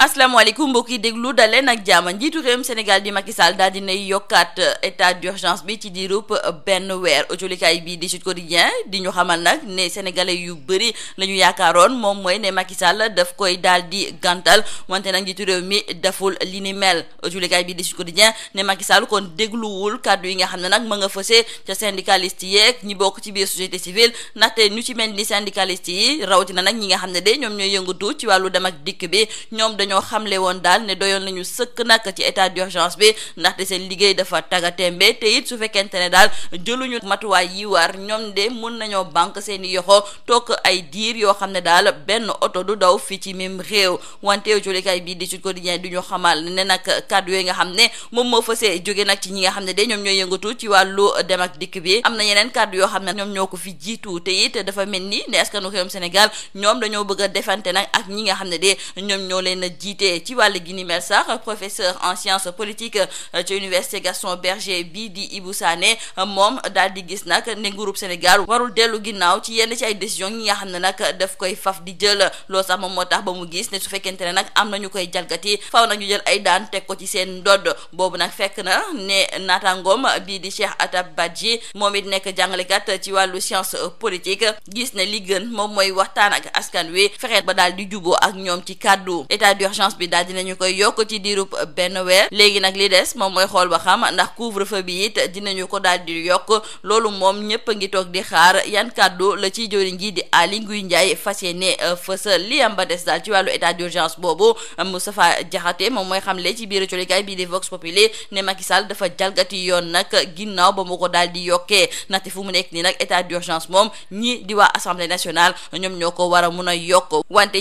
asalaamaaleykum mbokk yi déglu daleen ak jaama njiitu réewum Sénégal di Macky Sall daal dinay yokkaat état d'urgence bi ci diirub benn weer autolikaay bii di Sud Quotidien di ñu xamal nag ne sénégalais yu bëri la ñu yaakaaroon moom mooy ne Macky Sall daf koy daal di gàntal wante nag njiitu réew mi deful li ni mel autolikaay bi di Sud Quotidien ne Macky Sall kon dégluwul kàddu yi nga xam ne nag mën nga fësee ca syndicaliste yeeg ñi bokk ci biir société civile ndaxte ñu ci mel ni syndicaliste yi rawatina nag ñi xam ne de ñoom ñooy yëngatu ci wàllu dem dikk bi ñoom dañoo xamle woon daal ne doyoon nañu sëkk nag ci état d'urgence bi ndaxte seen liggéey dafa tagatembe te it su fekkente ne daal ñu matuwaay yi war ñoom de mun nañoo banque seen i yoxo toog ay diir yoo xam ne daal benn oto du daw fii ci même réew wante jolikaay bii di Sud Quotidien du ñu xamal ne nag kàddu yooyu nga xam ne moom moo fasee jóge nag ci ñi nga xam ne de ñoom ñooy yëngatu ci wàllu dem ak dikk bi am na yeneen kàddu yoo xam ne ñoom ñoo ko fi jiitu te it dafa mel ni ne askanu réewum Sénégal ñoom dañoo bëgg a defante nag ak ñi nga xam ne de ñoom ñoo leen jiite ci wàll gi ni mel sax professeur en sciences politiques euh, ci université Gaston Berger bi di Ibou Sané euh, moom daal di gis nag ne nguurub Sénégal warul dellu ginnaaw ci yenn ci ay décision yi nga xam ne nag daf koy faf di jël loolu sax moom moo tax ba mu gis ne su fekkente ne nag am na ñu koy jalgati faw ñu jël ay daan teg ko ci seen ndodd boobu nag fekk na ne naataangoom bii di Cheikh Atab Badji moom it nekk jàngalekat ci wàllu science politique gis ne li gën moom mooy waxtaan ak askan wi fexe ba daal di juboo ak ñoom ci kàddu urgence bi daal dinañu koy yokk ci diirub benn weer léegi nag li des moom mooy xool ba xam ndax couvre-feu bi it dinañu ko daal di yokk loolu moom ñëpp a ngi toog di xaar yan kàddu la ciy jëriñ ji di Aly Ngouille njaay fas ne euh, fësal li am ba des daal ci wàllu état d'urgence boobu Moustapha Diakhaté moom mooy xam xamle ci biir colikaay bii di Vox Populi ne Macky Sall dafa jalgati yoon nag ginnaaw ba mu ko daal di yokkee ndaxte fu mu nekk nii nag état d'urgence moom ñi di waa assemblée nationale ñoom ñoo ko war a mun a yokk wante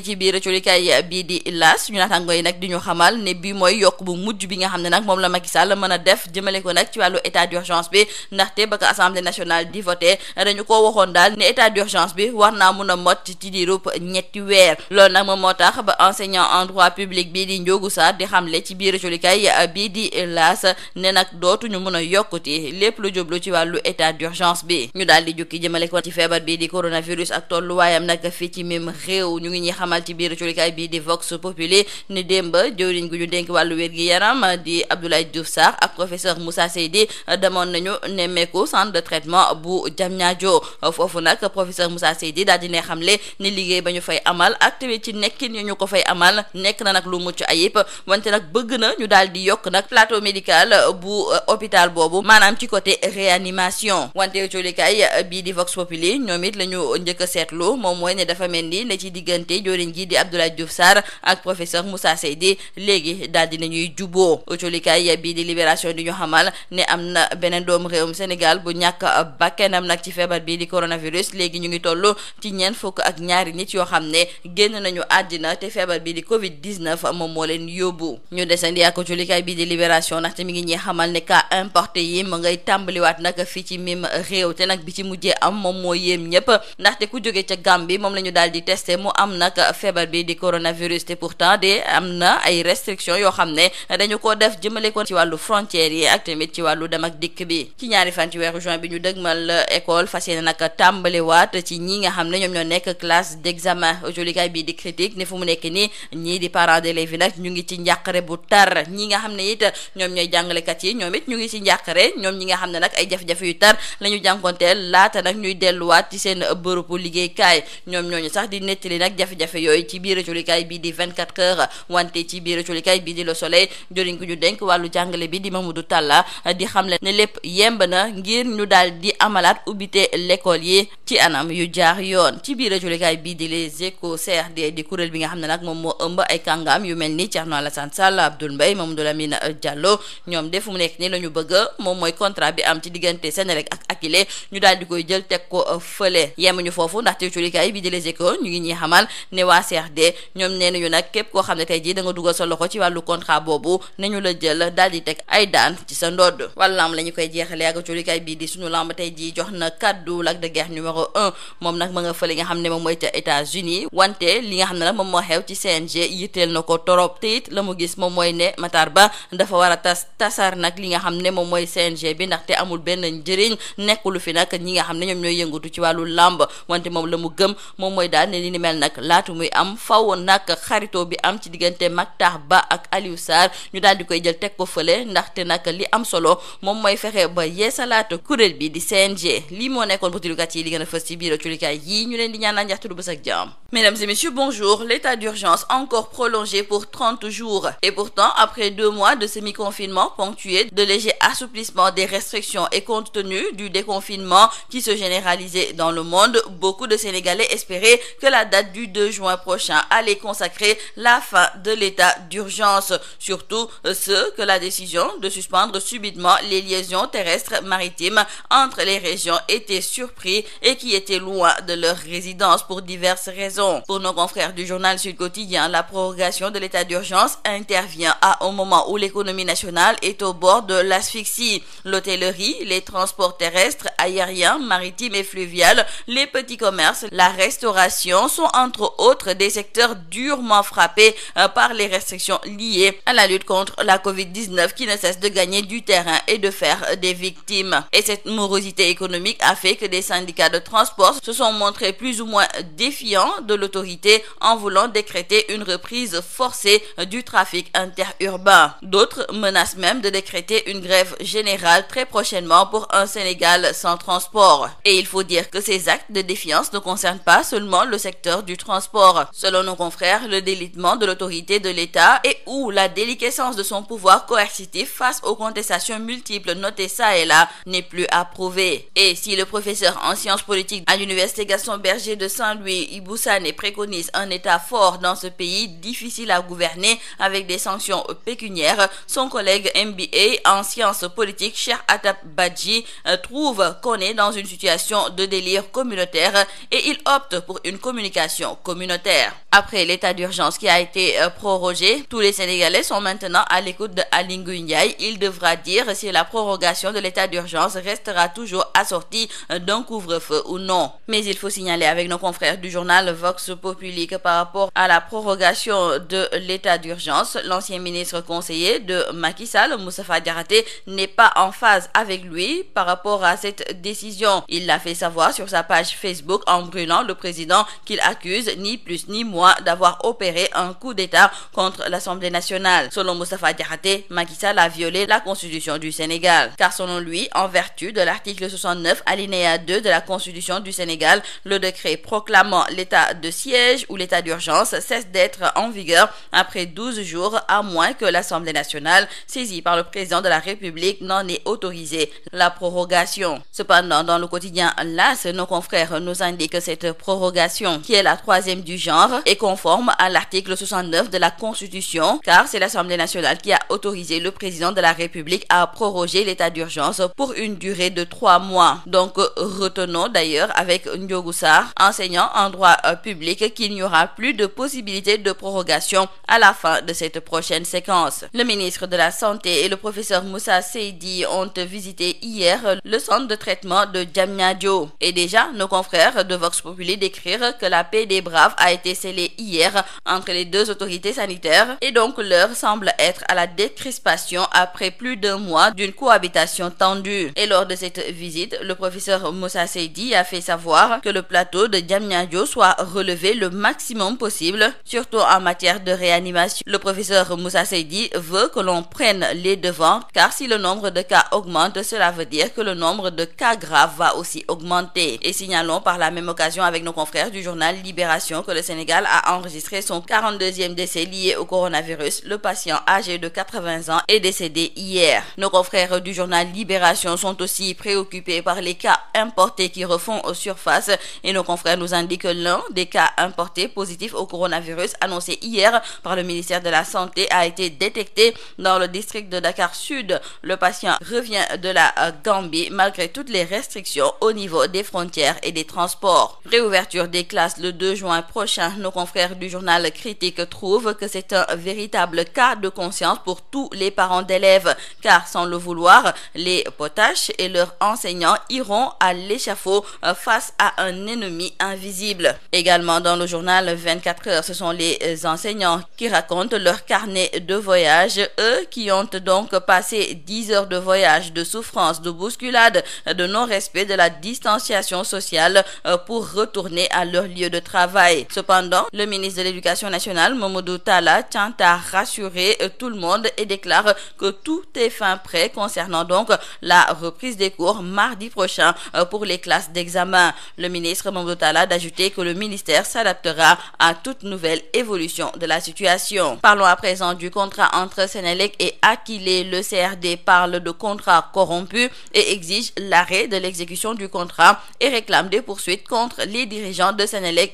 suñu naataango yi nag di ñu xamal ne bi mooy moom la Macky Sall mën a def jëmale ko bi di voté dañu ko waxoon daal bi a moo tax ba enseignant en droit public bi di Ndiogou Sarr di xamle ci biir jolikaay bii di laas ne nag dootuñu mun a yokkuti lépp lu jublu ci wàllu état d'urgence bi ñu daal di jukki jëmale ko ci feebar bii di coronavirus ak tolluwaayam nag fii ci même réew ñu ngi ñuy xamal ci biir jolikaay bii di Vox Populi ne démba jëwriñ gu ñu dénk wàllu wér gi yaram di Abdoulaye Diouf Sarr ak professeur Moussa Seydi demoon nañu nemmeeku centre de traitement bu Diamniadio foofu nag professeur Moussa Seydi daal di ne xamle ni liggéey ba ñu fay amal ak tamit ci nekkin ñu ko fay amal nekk na nag lu mucc ay ayib wante nag bëgg na ñu daal di yokk nag plateau médical bu hôpital boobu maanaam ci côté réanimation wante jolikaay bii di Vox Populi ñoom it la njëkk a seetlu moom mooy ne dafa mel ni diggante jëwriñ gi di ak Moussa Seydi léegi daal dinañuy juboo autolikaay bii di libération di ñu xamal ne am na beneen doomu réewum Sénégal bu ñàkk bakkenam nag ci feebar bii di coronavirus léegi ñu ngi toll ci ñeent fukk ak ñaari nit yoo xam ne génn nañu àddina te feebar bii di Covid 19 moom moo leen yóbbu ñu desandi ak autolikaay bii di libération ndaxte mi ngi ñuy xamal ne importé yi ma ngay tàmbaliwaat nag fii ci mim réew te nag bi ci mujjee am moom moo loolee am na ay restrictions yoo xam ne dañu ko def jëmale ko ci wàllu frontières yi ak tamit ci wàllu dem ak dikk bi ci ñaari fan ci weeru juin bi ñu dëgmal école fas yéene nag waat ci ñi nga xam ne ñoom ñoo nekk classe d'examen jolikaay bii di critique ne fu mu nekk nii ñii di parents d'élèves nag ñu ngi ci njàqare bu tar ñi nga xam ne it ñoom ñooy jàngalekat yi ñoom it ñu ngi ci njàqare ñoom ñi nga xam ne nag ay jafe-jafe yu tar la ñu jànkonteel laata nag ñuy delluwaat ci seen bërëbu liggéeykaay ñoom ñooñu sax di nettali nag jafe-jafe yooyu ci biir jolikaay bii di 24 heures professeur wante ci biir colikaay bi di Le Soleil joriñ ku ñu denk wàllu jàngale bi di Mamadou Talla di xamle ne lépp yemb na ngir ñu daal di amalaat ubbite l'école yi ci anam yu jaar yoon ci biir colikaay bi di Les Échos CRD di kuréel bi nga xam ne nag moom moo ëmb ay yu mel ni Thierno Alassane Sall Abdoul Mbaye Mamadou Lamine Diallo ñoom de fu mu nekk nii la ñu bëgg moom mooy contrat am ci diggante Senelec ak Akilee ñu daal di koy jël teg ko fële yemuñu foofu ndaxte colikaay bi di Les ngi ñuy xamal ne waa CRD ñoom nee nag képp koo xam ne tey jii da nga dugal sa loxo ci wàllu contrat boobu nañu la jël daal di teg ay daan ci sa ndodd wàllu ñu koy jeexalee ak culikaay bii jox na kaddu Lac de Guiers numéro moom nag ma nga fële nga xam ne moom mooy ca états wante li nga xam ne la moom moo xew ci CNG yitteel na ko torop te it la mu gis moom mooy ne Matar Ba dafa war a tas tasar nag li nga xam ne moom mooy CNG bi ndaxte amul benn njëriñ nekkulu fi nag ñi nga xam ne ñoom ñooy yëngatu ci wàllu lamb wante moom la mu gëm moom mooy daal ne li ni mel nag laatu muy am faw nag xaritoo bi am am ci diggante Mactar Ba ak Aliou bi di CNG lii bu tilukat yi li gën a Mesdames et messieurs, bonjour. L'état d'urgence encore prolongé pour 30 jours. Et pourtant, après deux mois de semi-confinement ponctué de légers assouplissements des restrictions et compte tenu du déconfinement qui se généralisait dans le monde, beaucoup de Sénégalais espéraient que la date du juin prochain allait consacrer la la fin de l'état d'urgence, surtout euh, ceux que la décision de suspendre subitement les liaisons terrestres maritimes entre les régions était surpris et qui étaient loin de leur résidence pour diverses raisons. Pour nos confrères du journal Sud Quotidien, la prorogation de l'état d'urgence intervient à un moment où l'économie nationale est au bord de l'asphyxie. L'hôtellerie, les transports terrestres, aériens, maritimes et fluviales, les petits commerces, la restauration frappés euh, par les restrictions liées à la lutte contre la covid qui ne cesse de gagner du terrain et de faire des victimes. Et cette morosité économique a fait que des syndicats de transport se sont montrés plus ou moins défiants de l'autorité en voulant décréter une reprise forcée du trafic interurbain. D'autres menacent même de décréter une grève générale très prochainement pour un Sénégal sans transport. Et il faut dire que ces actes de défiance ne concernent pas de l'autorité de l'État et ou la déliquescence de son pouvoir coercitif face aux contestations multiples notées ça et là n'est plus approuvée. Et si le professeur en sciences politiques à l'université Gaston Berger de Saint-Louis, Iboussane, préconise un État fort dans ce pays difficile à gouverner avec des sanctions pécuniaires, son collègue MBA en sciences politiques, Cher Atap Badji, euh, trouve qu'on est dans une situation de délire communautaire et il opte pour communication communautaire. Après été euh, prorogée. Tous les Sénégalais sont maintenant à l'écoute de Aly Il devra dire si la prorogation de l'état d'urgence restera toujours assortie euh, d'un couvre-feu ou non. Mais il faut signaler avec nos confrères du journal par rapport à la prorogation de l'état d'urgence, l'ancien ministre conseiller de Macky Sall, Moustapha Diakhaté, n'est pas en phase avec lui par rapport à cette décision. Il l'a fait savoir sur sa page Facebook en brûlant le président coup d'État contre l'Assemblée nationale. Selon Moustapha Diakhaté, Macky Sall a violé la Constitution du Sénégal. Car selon lui, en vertu de l'article 69 alinéa 2 de la Constitution du Sénégal, le décret proclamant l'état de siège ou l'état d'urgence cesse d'être en vigueur après 12 jours à moins que l'Assemblée nationale, saisie par le président de la République, n'en ait autorisé la prorogation. Cependant, dans le quotidien LAS, nos confrères nous indiquent que cette 69 de la Constitution, car c'est l'Assemblée nationale qui a autorisé le président de la République à proroger l'état d'urgence pour une durée de trois mois. Donc, retenons d'ailleurs avec Ndiogou Sarr, enseignant en droit euh, public, qu'il n'y aura plus de possibilité de prorogation à la fin de cette prochaine séquence. Le ministre de la Santé et le professeur Moussa Seydi ont visité hier le centre de traitement de Diamniadio. Et déjà, nos confrères de Vox Populi la paix des braves a été deux autorités sanitaires et donc l'heure semble être à la décrispation après plus d'un mois d'une cohabitation tendue. Et lors de cette visite, le professeur Moussa Seydi a fait savoir que le plateau de Diamniadio soit relevé le maximum possible, surtout en matière de réanimation. Le professeur Moussa Seydi veut que l'on prenne les devants car si le nombre de cas augmente, cela veut dire que le nombre de cas graves va aussi augmenter. Et signalons par a enregistré décès lié au coronavirus. Le patient âgé de 80 ans est décédé hier. Nos confrères du journal Libération sont aussi préoccupés par les cas importés qui refont aux surfaces et nos confrères nous indiquent l'un des cas importés positifs au coronavirus annoncé hier par le ministère de la Santé a été détecté dans le district de Dakar Sud. Le patient revient de la Gambie malgré toutes les restrictions au niveau des frontières et des transports. Réouverture public trouve que c'est un véritable cas de conscience pour tous les parents d'élèves, car sans le vouloir, les potaches et leurs enseignants iront à l'échafaud euh, face à un ennemi invisible. Également dans le journal 24 heures, ce sont les enseignants qui racontent leur carnet de voyage, eux qui ont donc passé 10 heures de voyage, de souffrance, de bousculade, de non-respect de la distanciation sociale euh, pour retourner à leur lieu de travail. Cependant, le ministre de nationale, Mamadou Tala, tient à rassurer euh, tout le monde et déclare que tout est fin prêt concernant donc la reprise des cours mardi prochain euh, pour les classes d'examen. Le ministre Mamadou Tala d'ajouter que le ministère s'adaptera à toute nouvelle évolution de la situation. Parlons à présent du contrat entre Sénélec et Aquilé. Le CRD parle de contrat corrompu et exige l'arrêt de l'exécution du contrat et réclame des poursuites contre les dirigeants de Sénélec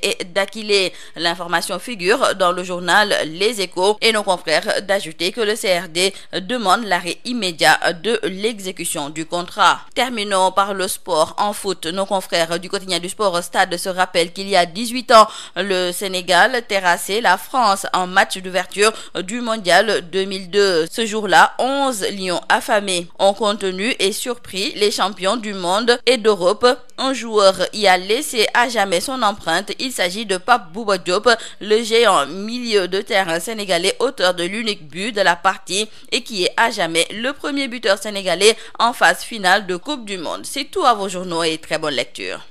le journal Les Échos et nos confrères d'ajouter que le CRD demande l'arrêt immédiat de l'exécution du contrat. Terminons par le sport en foot. Nos confrères du quotidien du sport Stade se rappellent qu'il y a 18 ans, le Sénégal terrassait la France en match d'ouverture du mondial 2002. Ce jour-là, 11 lions affamés ont contenu et surpris les champions du monde et d'Europe Un joueur y a laissé à jamais son empreinte. Il s'agit de Pape Bouba Diop, le géant milieu de terrain sénégalais, auteur de l'unique but de la partie et qui est à jamais le premier buteur sénégalais en phase finale de Coupe du Monde. C'est tout à vos journaux et très bonne lecture.